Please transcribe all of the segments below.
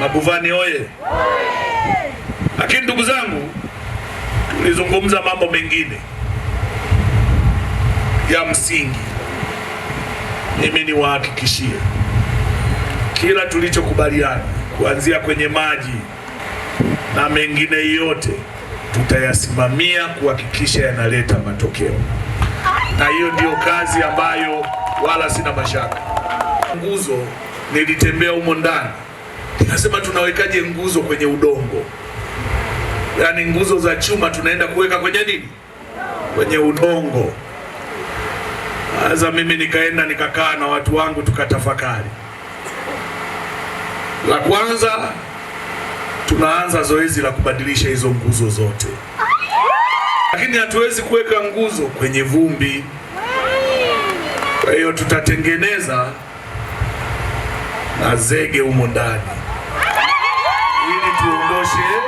Maguvani oye! Lakini ndugu zangu, tulizungumza mambo mengine ya msingi. Mimi niwahakikishie kila tulichokubaliana kuanzia kwenye maji na mengine yote tutayasimamia kuhakikisha yanaleta matokeo, na hiyo ndiyo kazi ambayo wala sina mashaka. Nguzo nilitembea humo ndani Nasema tunawekaje nguzo kwenye udongo? Yaani nguzo za chuma tunaenda kuweka kwenye nini? Kwenye udongo. Sasa mimi nikaenda nikakaa na watu wangu tukatafakari. La kwanza tunaanza zoezi la kubadilisha hizo nguzo zote, lakini hatuwezi kuweka nguzo kwenye vumbi. Kwa hiyo tutatengeneza na zege humo ndani litoshe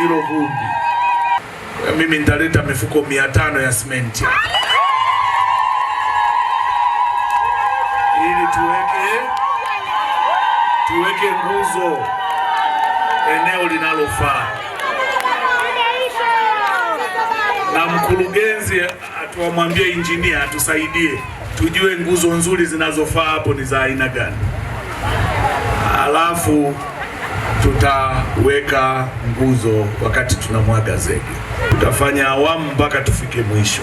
hilo vumbi. Eh, mimi nitaleta mifuko mia tano ya simenti ili tuweke tuweke nguzo eneo linalofaa, na mkurugenzi atuwamwambie injinia atusaidie tujue nguzo nzuri zinazofaa hapo ni za aina gani, alafu tutaweka nguzo wakati tunamwaga zege. Tutafanya awamu mpaka tufike mwisho.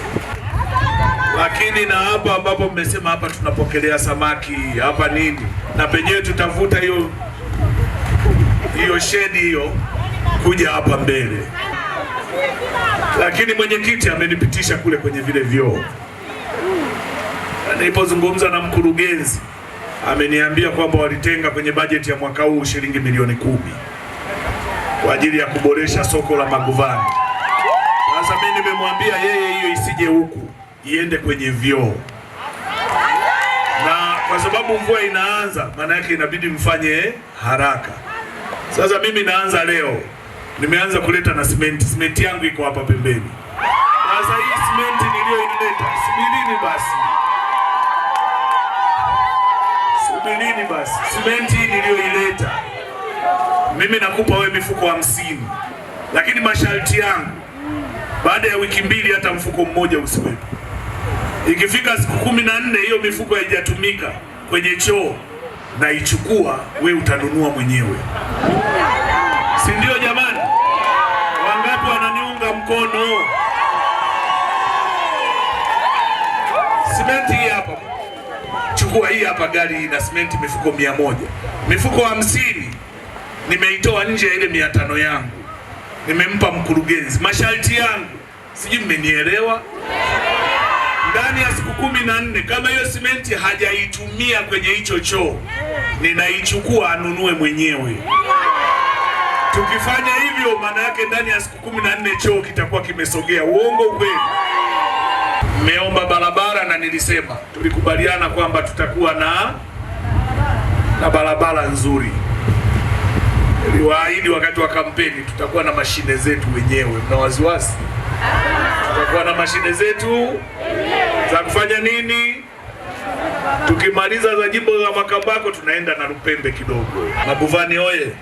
Lakini na hapa ambapo mmesema hapa tunapokelea samaki hapa nini, na penyewe tutavuta hiyo hiyo shedi hiyo kuja hapa mbele. Lakini mwenyekiti amenipitisha kule kwenye vile vyoo, nilipozungumza na mkurugenzi ameniambia kwamba walitenga kwenye bajeti ya mwaka huu shilingi milioni kumi kwa ajili ya kuboresha soko la Maguvani. Sasa mimi nimemwambia yeye hiyo isije huku, iende kwenye vyoo, na kwa sababu mvua inaanza, maana yake inabidi mfanye haraka. Sasa mimi naanza leo, nimeanza kuleta na simenti. Simenti yangu iko hapa pembeni. Sasa hii simenti Sasa simenti niliyoileta mimi nakupa wewe mifuko hamsini, lakini masharti yangu, baada ya wiki mbili hata mfuko mmoja usiwepo. Ikifika siku kumi na nne hiyo mifuko haijatumika kwenye choo naichukua, we utanunua mwenyewe, si ndio? Jamani, wangapi wananiunga mkono? Simenti hii hapa nimechukua hii hapa, gari na simenti mifuko mia moja, mifuko hamsini nimeitoa nje ile mia tano yangu, nimempa mkurugenzi, masharti yangu, sijui mmenielewa. Ndani ya siku kumi na nne kama hiyo simenti hajaitumia kwenye hicho choo, ninaichukua anunue mwenyewe. Tukifanya hivyo, maana yake ndani ya siku kumi na nne choo kitakuwa kimesogea. Uongo kweli? Mmeomba barabara jana nilisema tulikubaliana kwamba tutakuwa na na barabara nzuri. Niliwaahidi wakati wa kampeni tutakuwa na mashine zetu wenyewe. Mna wasiwasi? Tutakuwa na mashine zetu za kufanya nini? Tukimaliza za jimbo la Makambako tunaenda na Lupembe kidogo. Mabuvani oye!